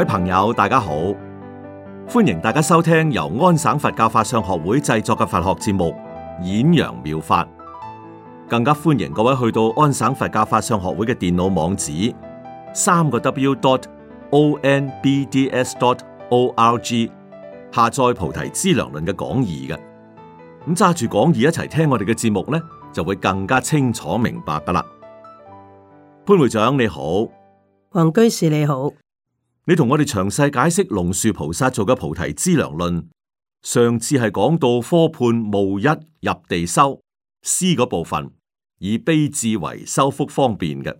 各位朋友，大家好！歡迎大家收聽由安省佛教法相學會製作嘅佛學節目《演揚妙法》。更加歡迎各位去到安省佛教法相學會嘅電腦網址：三個 W 點 O N B D S 點 O R G 下載《菩提資糧論》嘅講義嘅。咁揸住講義一齊聽我哋嘅節目呢，就會更加清楚明白噶啦。潘會長你好，黃居士你好。你同我哋詳細解釋龍樹菩薩做嘅《菩提之糧論》，上次係講到科判無一入地修師嗰部分，以悲智為修福方便嘅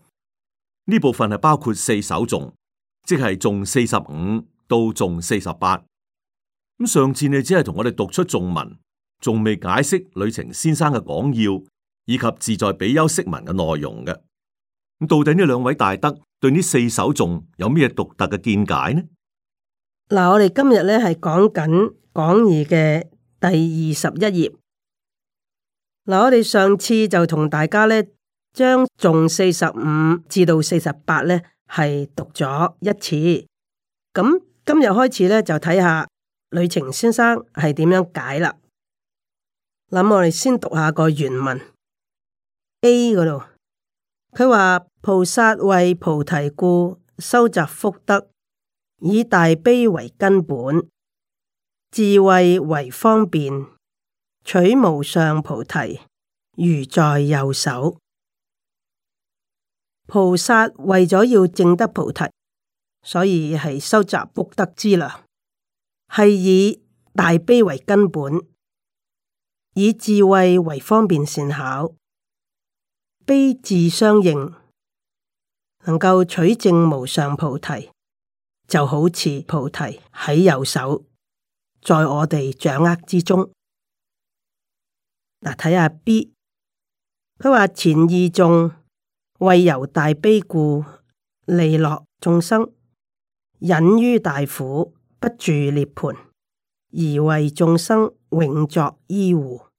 呢部分係包括四首眾，即係眾四十五到眾四十八。咁上次你只係同我哋讀出眾文，仲未解釋旅程先生嘅講要以及自在比丘釋文嘅內容嘅。咁到底呢兩位大德？對呢四首頌有咩獨特嘅見解呢？嗱，我哋今日呢係講緊講義嘅第二十一頁。嗱，我哋上次就同大家呢將頌四十五至到四十八呢係讀咗一次，咁今日開始呢，就睇下呂澂先生係點樣解啦。嗱，我哋先讀下個原文 A 嗰度。佢話菩薩為菩提故，收集福德，以大悲為根本，智慧為方便，取無上菩提，如在右手。菩薩為咗要證得菩提，所以係收集福德之糧，係以大悲為根本，以智慧為方便善巧，悲智相應，能夠取證無上菩提，就好似菩提喺右手，在我哋掌握之中。嗱，睇下 B，佢話前意眾為由大悲故，利樂眾生，忍於大苦，不住涅槃，而為眾生永作依護。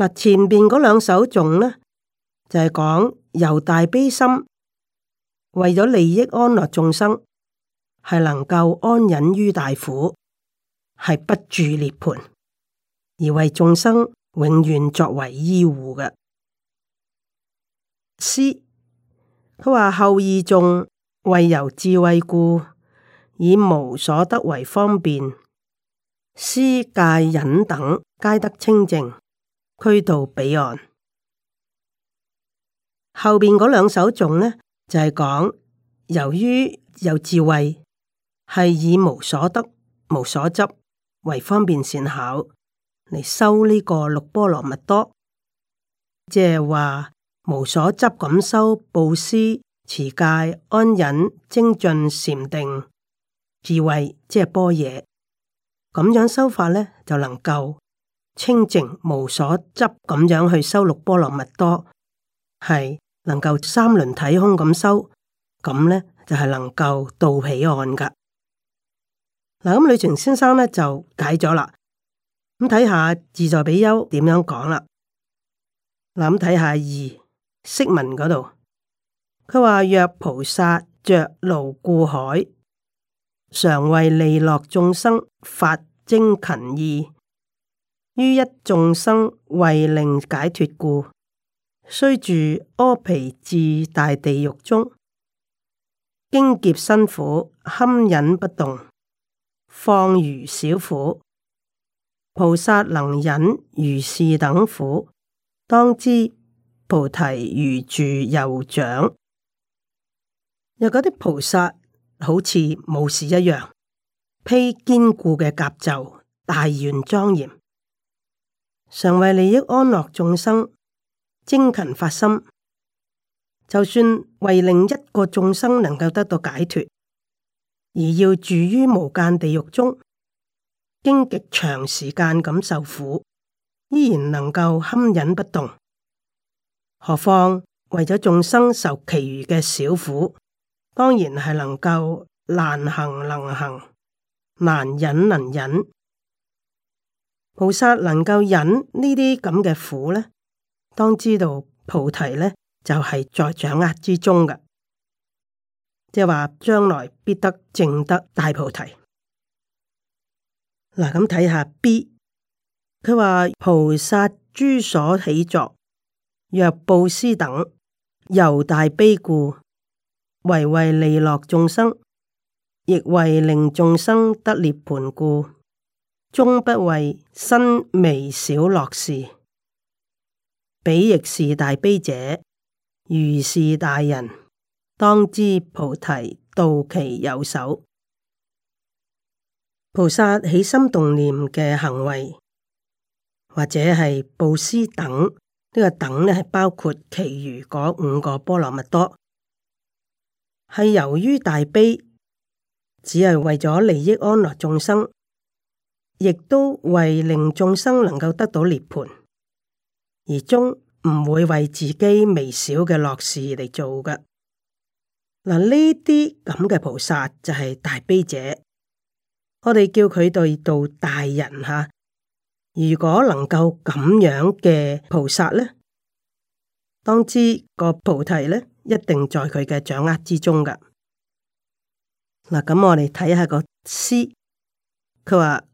嗱，前邊嗰兩首頌呢，就係、是、講由大悲心，為咗利益安樂眾生，係能夠安忍於大苦，係不住涅槃，而為眾生永遠作為依怙嘅師。佢話後二頌為由智慧故，以無所得為方便，施戒忍等皆得清淨。趨到彼岸，後邊嗰兩首頌呢，就係、是、講，由於有智慧，係以無所得、無所執為方便善巧嚟修呢個六波羅蜜多，即係話無所執咁修布施、持戒、安忍、精進、禪定、智慧，即係般若。咁樣修法呢，就能夠。清淨無所執咁樣去修六波羅蜜多，係能夠三輪體空咁修，咁呢，就係、是、能夠到彼岸噶。嗱、嗯，咁呂澄先生呢，就解咗啦。咁睇下自在比丘點樣講啦。嗱、嗯，咁睇下二釋文嗰度，佢話若菩薩着牢固鎧，常為利樂眾生發精勤意。於一眾生為令解脫故，須住阿鼻至大地獄中，經劫辛苦堪忍不動，放如小苦？菩薩能忍如是等苦，當知菩提如住右掌。有嗰啲菩薩好似武士一樣，披堅固嘅甲胄，大圓莊嚴。常為利益安樂眾生精勤發心，就算為另一個眾生能夠得到解脫，而要住於無間地獄中，經極長時間咁受苦，依然能夠堪忍不動。何況為咗眾生受其餘嘅小苦，當然係能夠難行能行，難忍能忍。菩薩能夠忍呢啲咁嘅苦呢，當知道菩提呢，就係在掌握之中噶，即係話將來必得證得大菩提。嗱，咁睇下 B，佢話菩薩諸所起作，若布施等，由大悲故，唯為利樂眾生，亦唯令眾生得涅槃故。終不為身微小樂事，彼亦是大悲者。如是大人，當知菩提到其有手。菩薩起心動念嘅行為，或者係布施等呢、呢個等咧，係包括其餘嗰五個波羅蜜多，係由於大悲，只係為咗利益安樂眾生。亦都為令眾生能夠得到涅槃，而終唔會為自己微小嘅樂事而嚟做嘅。嗱，呢啲咁嘅菩薩就係大悲者，我哋叫佢哋做大人吓。如果能夠咁樣嘅菩薩咧，當知個菩提咧一定在佢嘅掌握之中嘅。嗱，咁我哋睇下個詩，佢話。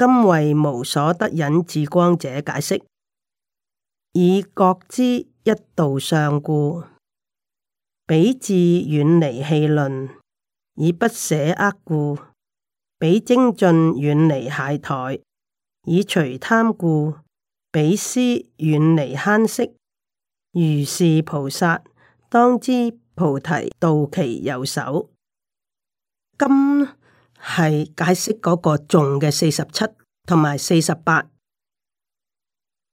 今為無所得引至光者解釋，以覺知一道上故，彼至遠離氣論，以不捨厄故，彼精進遠離懈怠，以隨貪故，彼思遠離慳惜，如是菩薩當知菩提道其右手，今。係解釋嗰個頌嘅四十七同埋四十八，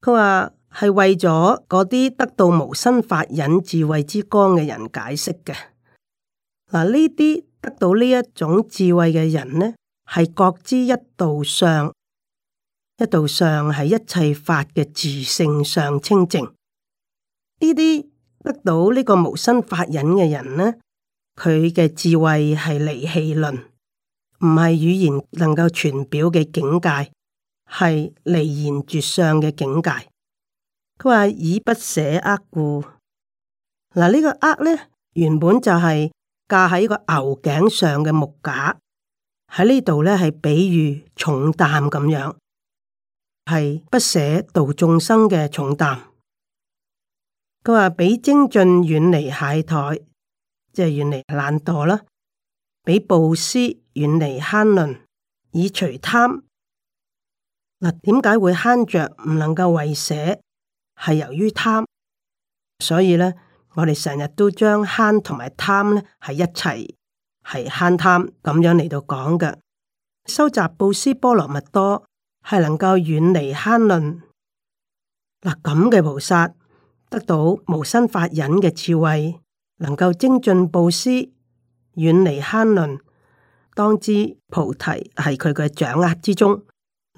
佢話係為咗嗰啲得到無生法忍智慧之光嘅人解釋嘅。嗱，呢啲得到呢一種智慧嘅人呢，係覺知一道上，一道上係一切法嘅自性上清淨。呢啲得到呢個無生法忍嘅人呢，佢嘅智慧係離戲論。唔係語言能夠傳表嘅境界，係離言絕相嘅境界。佢話以不捨厄故，嗱、這個、呢個厄咧原本就係架喺個牛頸上嘅木架，喺呢度咧係比喻重擔咁樣，係不捨度眾生嘅重擔。佢話俾精進遠離懈怠，即係遠離懶惰啦，俾布施。遠離慳論以除貪，嗱，點解會慳着唔能夠為捨？係由於貪，所以咧，我哋成日都將慳同埋貪咧係一齊係慳貪咁樣嚟到講嘅。收集布施波羅蜜多係能夠遠離慳論嗱，咁嘅菩薩得到無生法忍嘅智慧，能夠精進布施，遠離慳論。當知菩提係佢嘅掌握之中，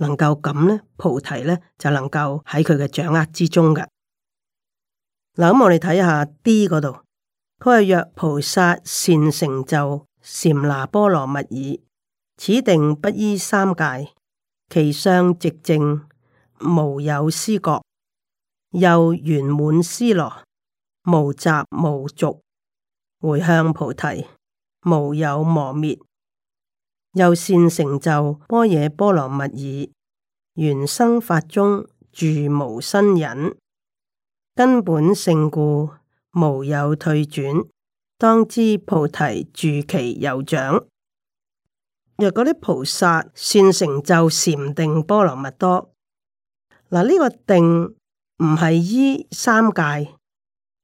能夠咁呢？菩提呢，就能夠喺佢嘅掌握之中嘅。嗱，咁我哋睇下 D 嗰度，佢話，若菩薩善成就禪那波羅蜜耳，此定不依三界，其相寂靜，無有思覺，又圓滿思羅，無雜無濁，回向菩提，無有磨滅。又善成就般若波羅蜜爾，緣生法中住無身忍，根本勝故無有退轉，當知菩提住其有長。若果啲菩薩善成就禪定波羅蜜多，嗱、這、呢個定唔係依三界，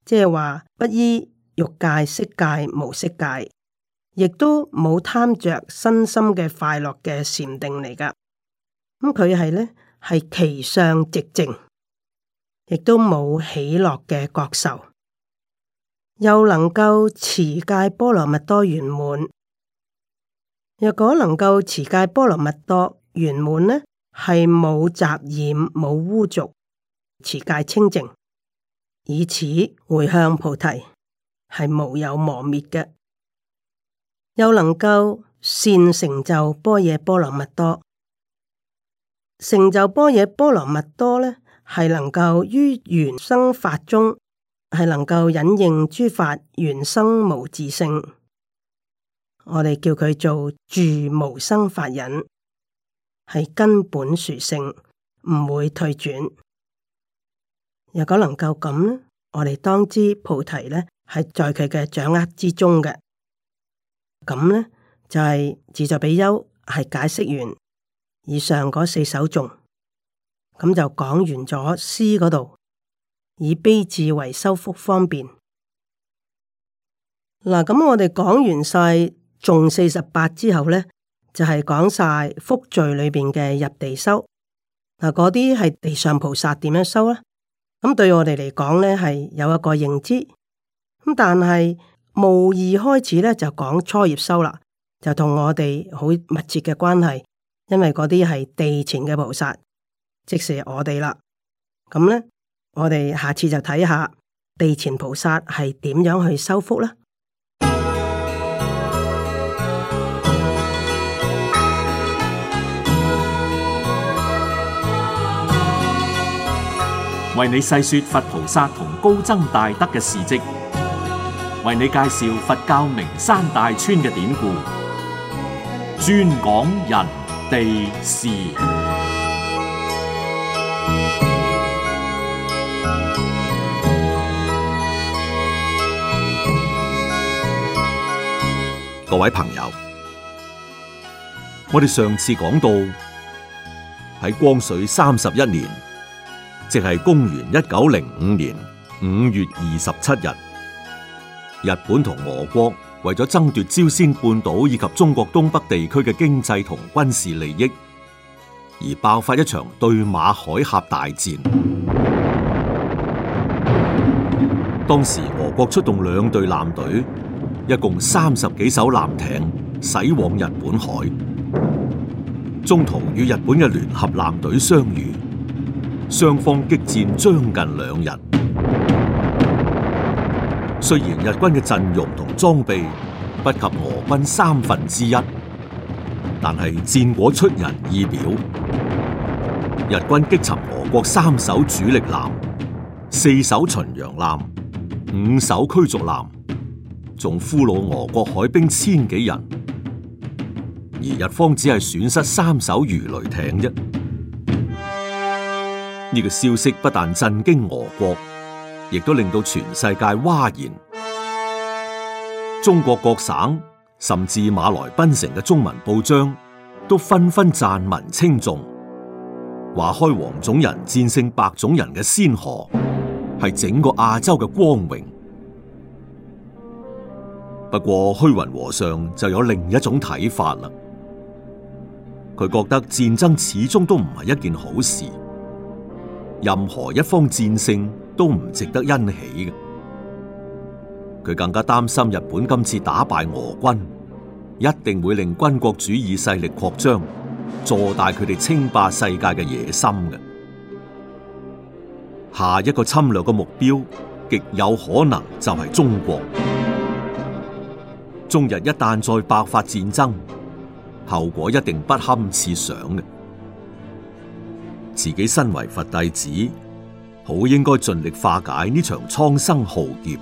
即係話不依欲界、色界、無色界。亦都冇貪着身心嘅快樂嘅禪定嚟噶，咁佢係呢？係其上寂靜，亦都冇喜樂嘅覺受，又能夠持戒波羅蜜多圓滿。若果能夠持戒波羅蜜多圓滿呢，係冇雜染、冇污濁，持戒清淨，以此迴向菩提，係無有磨滅嘅。又能夠善成就般若波羅蜜多，成就般若波羅蜜多呢係能夠於緣生法中，係能夠引應諸法緣生無自性。我哋叫佢做住無生法忍，係根本殊勝，唔會退轉。如果能夠咁咧，我哋當知菩提呢，係在佢嘅掌握之中嘅。咁咧就係、是、自在比丘係解釋完以上嗰四首頌，咁就講完咗詩嗰度，以悲智為修福方便。嗱，咁我哋講完晒頌四十八之後咧，就係、是、講晒福罪裏邊嘅入地修。嗱，嗰啲係地上菩薩點樣修啦？咁對我哋嚟講咧，係有一個認知。咁但係。無疑開始咧就講初業修啦，就同我哋好密切嘅關係，因為嗰啲係地前嘅菩薩，即是我哋啦。咁咧，我哋下次就睇下地前菩薩係點樣去修福啦。為你細說佛菩薩同高僧大德嘅事跡。為你介紹佛教名山大川嘅典故，專講人地事。各位朋友，我哋上次講到喺光緒三十一年，即係公元一九零五年五月二十七日。日本同俄國為咗爭奪朝鮮半島以及中國東北地區嘅經濟同軍事利益，而爆發一場對馬海峽大戰。當時俄國出動兩隊艦隊，一共三十幾艘艦艇駛往日本海，中途與日本嘅聯合艦隊相遇，雙方激戰將近兩日。雖然日軍嘅陣容同裝備不及俄軍三分之一，但係戰果出人意表。日軍擊沉俄國三艘主力艦、四艘巡洋艦、五艘驅逐艦，仲俘虜俄國海兵千幾人，而日方只係損失三艘魚雷艇啫。呢、這個消息不但震驚俄國。亦都令到全世界嘩然，中國各省甚至馬來檳城嘅中文報章都紛紛讚文稱頌：「話開黃種人戰勝白種人嘅先河係整個亞洲嘅光榮。不過虛雲和尚就有另一種睇法啦，佢覺得戰爭始終都唔係一件好事，任何一方戰勝，都唔值得欣喜嘅，佢更加擔心日本今次打敗俄軍，一定會令軍國主義勢力擴張，坐大佢哋稱霸世界嘅野心嘅。下一個侵略嘅目標極有可能就係中國，中日一旦再爆發戰爭，後果一定不堪設想嘅。自己身為佛弟子，好應該盡力化解呢場蒼生浩劫，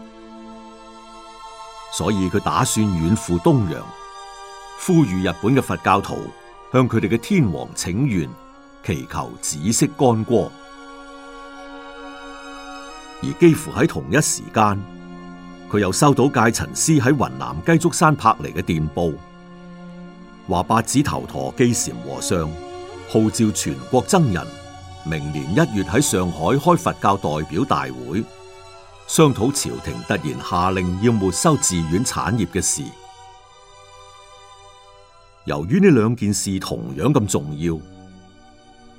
所以佢打算遠赴東洋，呼籲日本嘅佛教徒向佢哋嘅天皇請願，祈求止息干戈。而幾乎喺同一時間，佢又收到戒塵師喺雲南雞足山拍嚟嘅電報，話八指頭陀、基禪和尚號召全國僧人。明年一月喺上海開佛教代表大會，商討朝廷突然下令要沒收寺院產業嘅事。由於呢兩件事同樣咁重要，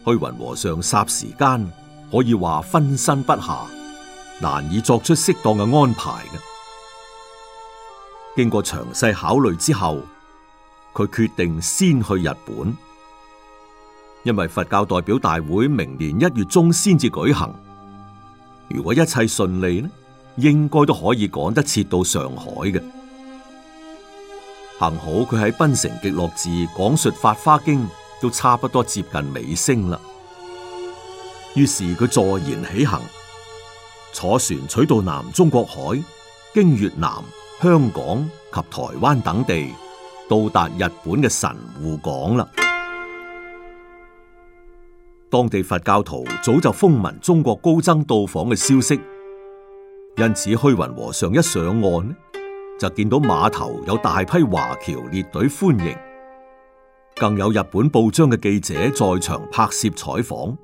虛雲和尚霎時間可以話分身不下，難以作出適當嘅安排嘅。經過詳細考慮之後，佢決定先去日本。因為佛教代表大會明年一月中先至舉行，如果一切順利呢，應該都可以趕得切到上海嘅。幸好佢喺檳城極樂寺講述《法花經》都差不多接近尾聲啦，於是佢坐言起行，坐船取道南中國海，經越南、香港及台灣等地，到達日本嘅神戶港啦。當地佛教徒早就風聞中國高僧到訪嘅消息，因此虛雲和尚一上岸，就見到碼頭有大批華僑列隊歡迎，更有日本報章嘅記者在場拍攝採訪。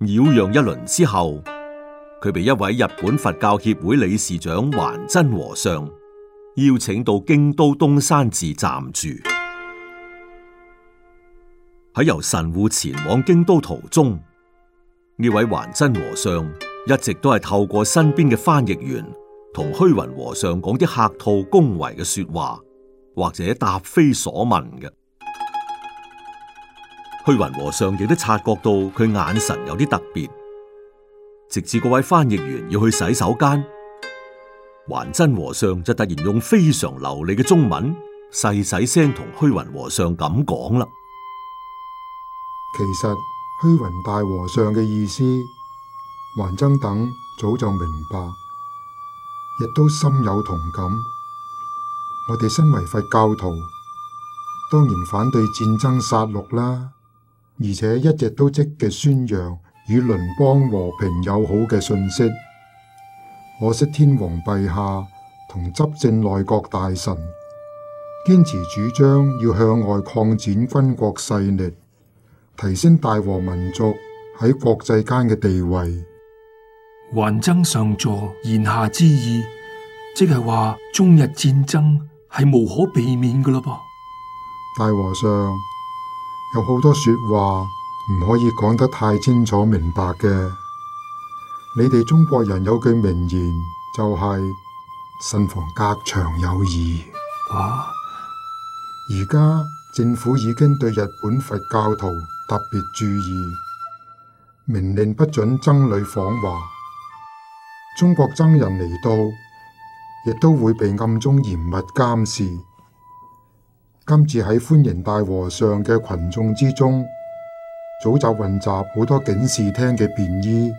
擾攘一輪之後，佢被一位日本佛教協會理事長還真和尚邀請到京都東山寺暫住。喺由神戶前往京都途中，呢位還真和尚一直都係透過身邊嘅翻譯員同虛雲和尚講啲客套恭維嘅說話，或者答非所問嘅。虛雲和尚亦都察覺到佢眼神有啲特別，直至嗰位翻譯員要去洗手間，還真和尚就突然用非常流利嘅中文細細聲同虛雲和尚咁講啦。其實虛雲大和尚嘅意思，還增等早就明白，亦都深有同感。我哋身為佛教徒，當然反對戰爭殺戮啦，而且一直都積極宣揚與鄰邦和平友好嘅訊息。可惜天皇陛下同執政內閣大臣堅持主張要向外擴展軍國勢力。提升大和民族喺國際間嘅地位，雲蒸上座言下之意，即係話中日戰爭係無可避免噶咯噃。大和尚有好多說話唔可以講得太清楚明白嘅，你哋中國人有句名言就係慎防隔牆有耳。啊，而家政府已經對日本佛教徒，特別注意，命令不准僧侶訪華。中國僧人嚟到，亦都會被暗中嚴密監視。今次喺歡迎大和尚嘅群眾之中，早就混雜好多警視廳嘅便衣。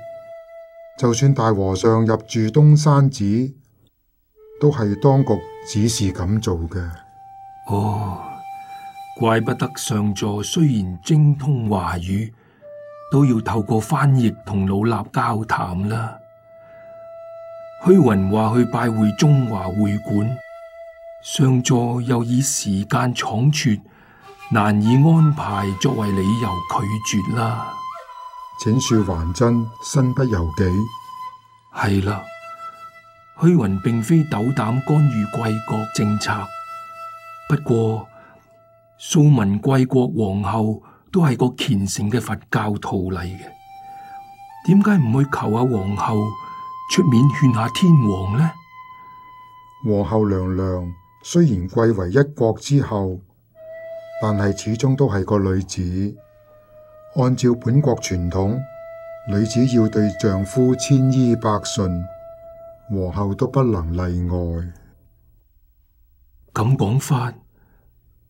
就算大和尚入住東山寺，都係當局指示咁做嘅。哦。怪不得上座雖然精通華語，都要透過翻譯同老衲交談啦。虛雲話去拜會中華會館，上座又以時間倉促難以安排作為理由拒絕啦。請恕還真身不由己。係啦，虛雲並非斗膽干預貴國政策，不過。素聞貴國皇后都係個虔誠嘅佛教徒嚟嘅，點解唔去求下皇后出面勸下天皇呢？皇后娘娘雖然貴為一國之後，但係始終都係個女子。按照本國傳統，女子要對丈夫千依百順，皇后都不能例外。咁講法。.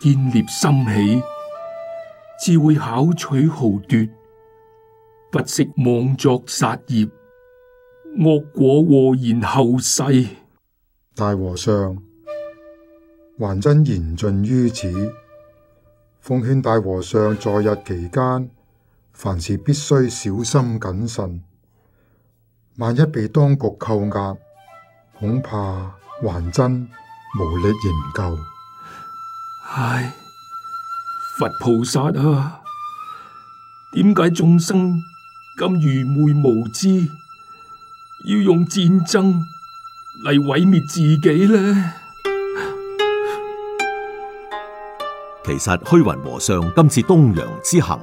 見獵心起，自會巧取豪奪，不惜妄作殺業，惡果禍延後世。大和尚還真言盡於此，奉勸大和尚在日期間，凡事必須小心謹慎，萬一被當局扣押，恐怕還真無力營救。唉、哎，佛菩薩啊，點解眾生咁愚昧無知，要用戰爭嚟毀滅自己呢？其實虛雲和尚今次東洋之行，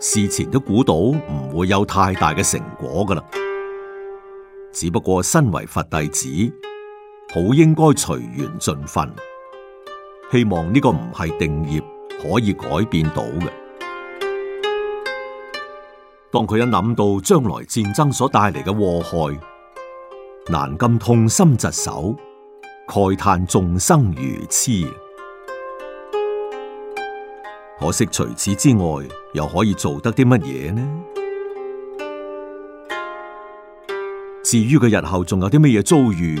事前都估到唔會有太大嘅成果噶啦，只不過身為佛弟子，好應該隨緣盡分。希望呢個唔係定業，可以改變到嘅。當佢一諗到將來戰爭所帶嚟嘅禍害，難禁痛心疾首，慨嘆眾生如痴。可惜除此之外，又可以做得啲乜嘢呢？至於佢日後仲有啲乜嘢遭遇？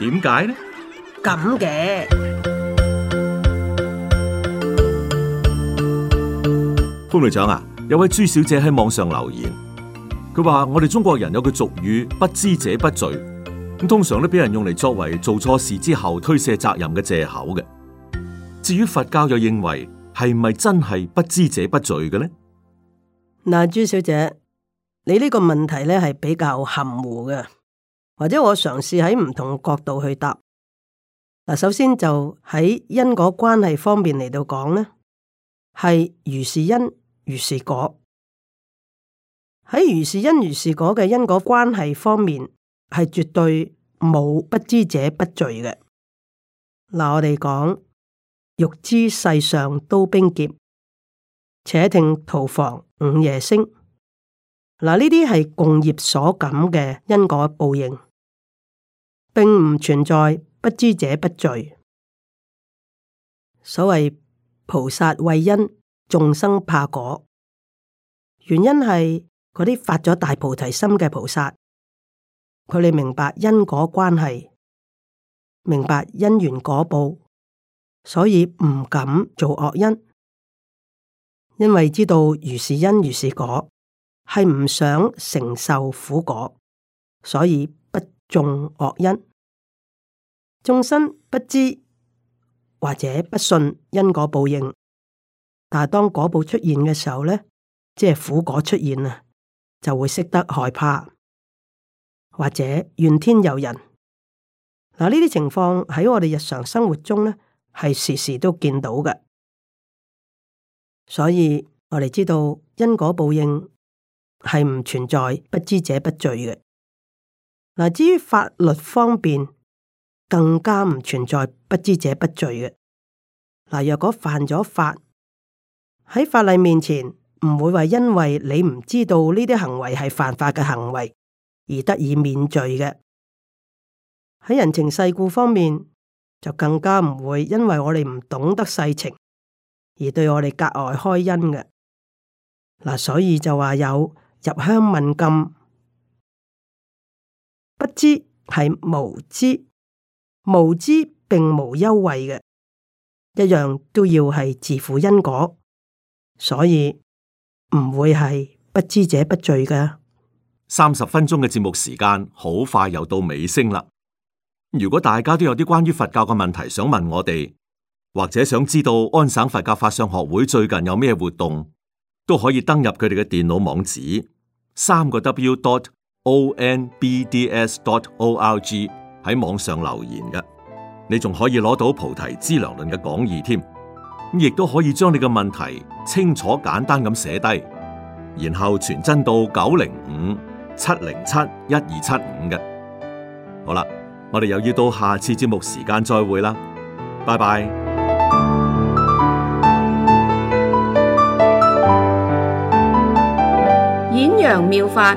點解呢？咁嘅潘隊長啊，有位朱小姐喺網上留言，佢話我哋中國人有句俗語，不知者不罪，咁通常都俾人用嚟作為做錯事之後推卸責任嘅借口嘅。至於佛教又認為係咪真係不知者不罪嘅呢？嗱、呃，朱小姐，你呢個問題咧係比較含糊嘅。或者我嘗試喺唔同角度去答。嗱，首先就喺因果關係方面嚟到講咧，係如是因如是果。喺如是因如是果嘅因果關係方面，係絕對冇不知者不罪嘅。嗱，我哋講欲知世上刀兵劫，且聽屠房午夜聲。嗱，呢啲係共業所感嘅因果報應。並唔存在不知者不罪。所謂菩薩畏因，眾生怕果。原因係嗰啲發咗大菩提心嘅菩薩，佢哋明白因果關係，明白因緣果報，所以唔敢做惡因，因為知道如是因如是果，係唔想承受苦果，所以，種惡因，眾生不知或者不信因果報應，但係當果報出現嘅時候咧，即係苦果出現啊，就會識得害怕或者怨天尤人。嗱，呢啲情況喺我哋日常生活中咧係時時都見到嘅，所以我哋知道因果報應係唔存在不知者不罪嘅。嗱，至於法律方面，更加唔存在不知者不罪嘅。嗱，若果犯咗法，喺法例面前，唔會話因為你唔知道呢啲行為係犯法嘅行為而得以免罪嘅。喺人情世故方面，就更加唔會因為我哋唔懂得世情而對我哋格外開恩嘅。嗱，所以就話有入鄉問禁。知係無知，無知並無優惠嘅，一樣都要係自負因果，所以唔會係不知者不罪嘅。三十分鐘嘅節目時間，好快又到尾聲啦。如果大家都有啲關於佛教嘅問題想問我哋，或者想知道安省佛教法相學會最近有咩活動，都可以登入佢哋嘅電腦網址，三個 W dot。O N B D S dot O R G，喺網上留言嘅。你仲可以攞到菩提資糧論嘅講義添，亦都可以將你嘅問題清楚簡單咁寫低，然後傳真到九零五七零七一二七五嘅。好啦，我哋又要到下次節目時間再會啦，拜拜。演揚妙法。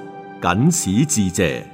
僅此致謝。